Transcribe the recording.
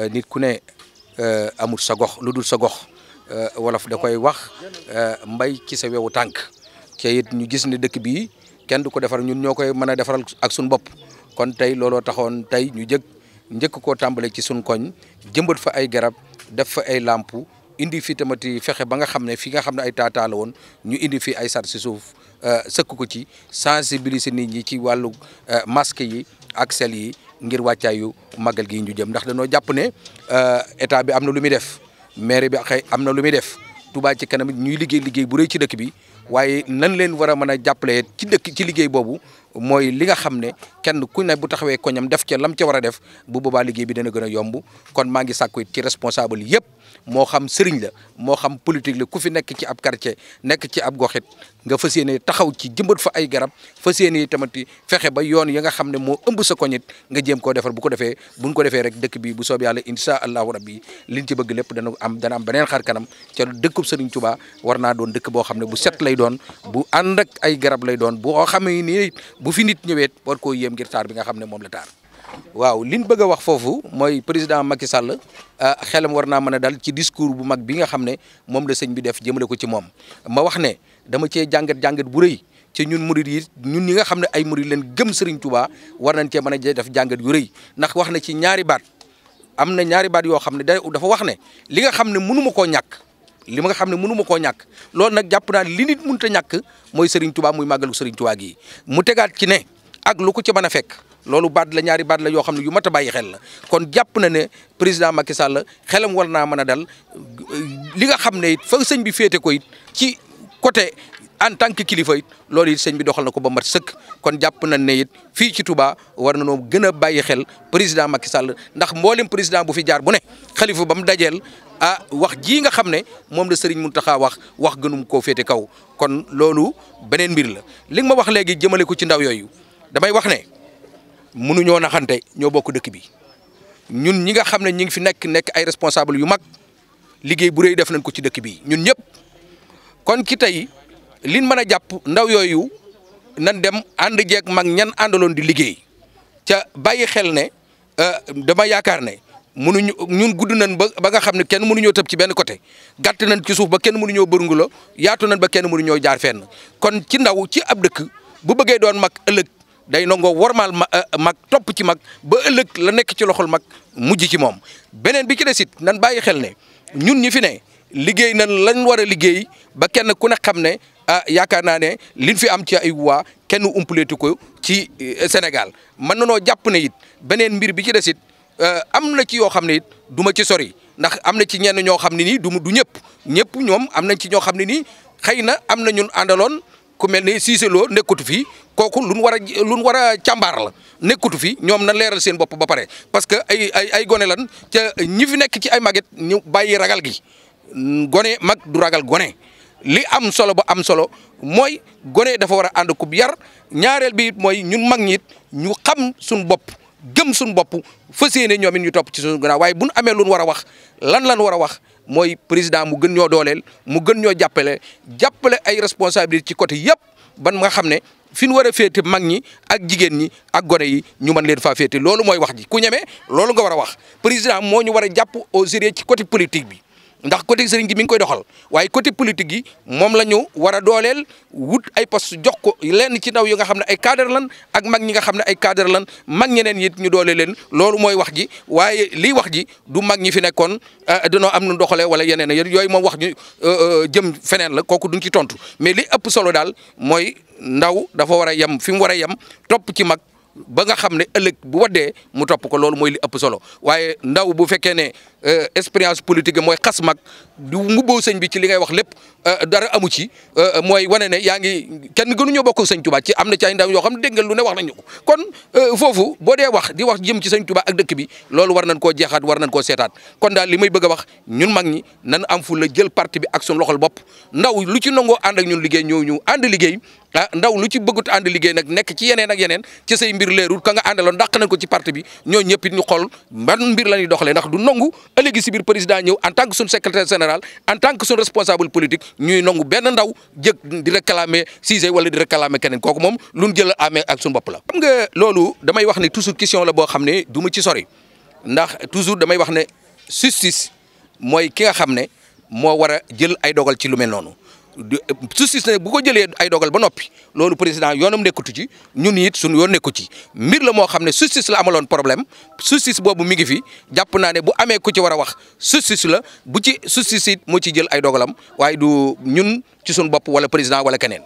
Euh, nit ku ne euh, amul sa gox lu dul sa gox euh, wolof da koy wax mbay ci sa wewu tànk te it ñu gis ne dëkk bi kenn du ko defar ñun ñoo koy mën a defaral ak suñu bopp kon tey looloo taxoon tey ñu jëkk njëkk koo tàmbale ci suñu koñ jëmbat fa ay garab def fa ay làmp indi fi tamati fexe ba nga xam ne fi nga xam ne ay taataala woon ñu indi fi ay sar si suuf sëkk ko ci sensibiliser nit ñi ci wàllu masque yi ak sel yi ngir wàccaayu màggal gi ñu jëm ndax dañoo jàpp ne euh, état bi am na lu muy def maire bi xëy am na lu muy def Touba ci kanam ñuy liggéey liggéey bu rëy ci dëkk bi waaye nan leen war a mën a jàppale ci dëkk ci liggéey boobu mooy li nga xam ne kenn ku ne bu taxawee koñam def ca lam ca war a def bu boobaa liggéey bi dana gën a yomb kon maa ngi sàkku it ci responsable yëpp. moo xam sëriñ la moo xam politique la ku fi nekk ci ab quartier nekk ci ab goxit nga fas yéene taxaw ci jëmbat fa ay garab fas yéene tamit fexe ba yoon ya nga xam ne moo ëmb sa koñit nga jëm koo defar bu ko defee buñ ko defee rek dëkk bi bu soob yàlla insha allahu rabbi liñ ci bëgg lépp dana am dana am beneen xar kanam ca dëkkub sëriñ Tuubaa war naa doon dëkk boo xam ne bu set lay doon bu ànd ak ay garab lay doon boo xamee ni bu fi nit ñëweet war koo yem ngir taar bi nga xam ne moom la taar waaw li ñu bëgg a wax foofu mooy président Macky Sall ah, xelam war naa mën a dal ci discours bu mag bi nga xam ne moom la sëñ bi def jëmale ko ci moom ma wax ne dama cee jàngat jàngat bu rëy ci ñun murid yi ñun ñi nga xam ne ay murid leen gëm Serigne Touba war nañ cee mën a def jàngat yu rëy ndax wax na ci ñaari baat am na ñaari baat yoo xam ne day dafa wax ne li nga xam ne mënu ma koo ñàkk. li ma xam ne mënu koo ñàkk loolu nag jàpp naan li nit mënut a ñàkk mooy Serigne Touba muy màggalu Serigne Touba gi mu tegaat ci ne. ak lu ko ci mën a fekk loolu baat la ñaari baat la yoo xam ne yu mat a bàyyi xel la kon jàpp na ne président Macky Sall xelam war naa mën a dal li nga xam ne it fa sëñ bi féete ko ci côté en tant que kilifa it loolu it sëñ bi doxal na ko ba mat sëkk kon jàpp nañ ne it fii ci Touba war na noo gën a bàyyi xel président Macky Sall ndax mboolem président bu fi jaar bu ne xalifa ba mu dajeel ah wax jii nga xam ne moom la Serigne Mountakha wax wax gënum koo féete kaw kon loolu beneen mbir la li ma wax léegi jëmale ko ci ndaw yooyu. damay wax ne mënuñoo naxante ñoo bokk dëkk bi ñun ñi nga xam ne ñi ngi fi nekk nekk ay responsable yu mag liggéey bu rëy def nañ ko ci dëkk bi ñun ñëpp kon ki tey liñ mën a jàpp ndaw yooyu nan dem ànd jeeg mag ñan àndaloon di liggéey ca bàyyi xel ne euh, dama yaakaar ne mënuñu ñun gudd nañ ba ba nga xam ne kenn mënuñoo tëb ci benn côté gàtt nañ ci suuf ba kenn mënuñoo bërngu la yaatu nañ ba kenn mënuñoo jaar fenn kon ci ndaw ci ab dëkk bu bëggee doon mag ëllëg day nangoo warmaal ma euh, mag topp ci mag ba ëllëg la nekk ci loxol mag mujj ci moom beneen bi ci des nan bàyyi xel ne ñun ñi fi ne liggéey nan lañ war a liggéey ba kenn ku ne xam ne ah yaakaar naa ne liñ fi am ci ay waa kenn umpaleetu ko ci euh, Sénégal mën na noo jàpp ne it beneen mbir bi ci des it euh, am na ci yoo xam ne it du ma ci sori ndax am na ci ñenn ñoo xam ne nii du du ñëpp ñëpp ñoom am nañ ci ñoo xam ne nii xëy na am na ñun àndaloon. ku mel ne Cissé Lo nekkutu fi kooku lu nu war a lu nu war a càmbaar la nekkutu fi ñoom na leeral seen bopp ba pare parce que ay ay gone lan ca ñi fi nekk ci ay màgget ñu bàyyi ragal gi gone mag du ragal gone. li am solo ba am solo mooy gone dafa war a ànd kub yar ñaareel bi it mooy ñun mag ñi ñu xam suñu bopp gëm suñu bopp fas yéene ñoom it ñu topp ci suñu gannaaw waaye bu nu amee lu nu war a wax lan lan war a wax. mooy président mu gën ñoo dooleel mu gën ñoo jàppale jàppale ay responsabilité ci côté yëpp ban nga xam ne fi ñu war a féete mag ñi ak jigéen ñi ak gone yi ñu mën leen faa féete loolu mooy wax ji ku ñemee loolu nga war a wax président moo ñu war a jàpp au sérieux ci côté politique bi. ndax côté sëriñ gi mi ngi koy doxal waaye côté politique yi moom la ñu war a dooleel wut ay post jox ko lenn ci ndaw yi nga xam ne ay cadre lan ak mag ñi nga xam ne ay cadre lan mag ñeneen it ñu doole leen loolu mooy wax ji waaye lii wax ji du mag ñi fi nekkoon ah, danoo am nu doxalee wala yeneen yooyu moom wax ñu euh, euh, jëm feneen la kooku duñ ci tontu mais li ëpp solo daal mooy ndaw dafa war a yem fi mu war a yem topp ci mag. ba nga xam ne ëllëg bu wadee mu topp ko loolu mooy li ëpp solo waaye ndaw bu fekkee ne Euh, expérience politique mooy xas mag du mbubboo sëñ bi ci li ngay wax lépp euh, dara amu ci euh, mooy wane ne yaa ngi kenn gënuñoo bokk sëñ Tuubaa ci am na ci ay ndaw yoo xam ne dégg nga lu ne wax nañu ko kon foofu boo dee wax di wax jëm ci sëñ Tuubaa ak dëkk bi loolu war nañ koo jeexaat war nañ koo seetaat kon daal li may bëgg wax ñun mag ñi nan am fu la jël parti bi ak suñu loxol bopp ndaw lu ci nangoo ànd ak ñun liggéey ñëw ñu ànd liggéey ah ndaw lu ci bëggut ànd liggéey nag nekk ci yeneen ak yeneen ci say mbir leerul ka nga àndaloon dàq nañ ko ci parti bi ñoo ñëpp ñu xool ban mbir la ñuy doxalee ndax du nangu ëllëgi si biir président ñëw en tant que suñu secrétaire général en tant que suñu responsable politique ñuy nangu benn ndaw jëg di réclamer Cissé wala di réclamer keneen kooku moom lu ñu jël amee ak suñu bopp la. xam nga loolu damay wax ne toujours question la boo xam ne du ci sori ndax toujours damay wax ne justice mooy ki nga xam ne moo war a jël ay dogal ci lu mel noonu. justice ne bu ko jëlee ay dogal ba noppi loolu président yoonam nekkutu ci ñun it suñu yoon nekku ci mbir la moo xam ne justice la amaloon problème justice boobu mi ngi fi jàpp naa ne bu amee ku ci war a wax justice la bu ci justice it moo ci jël ay dogalam waaye du ñun ci suñu bopp wala président wala keneen.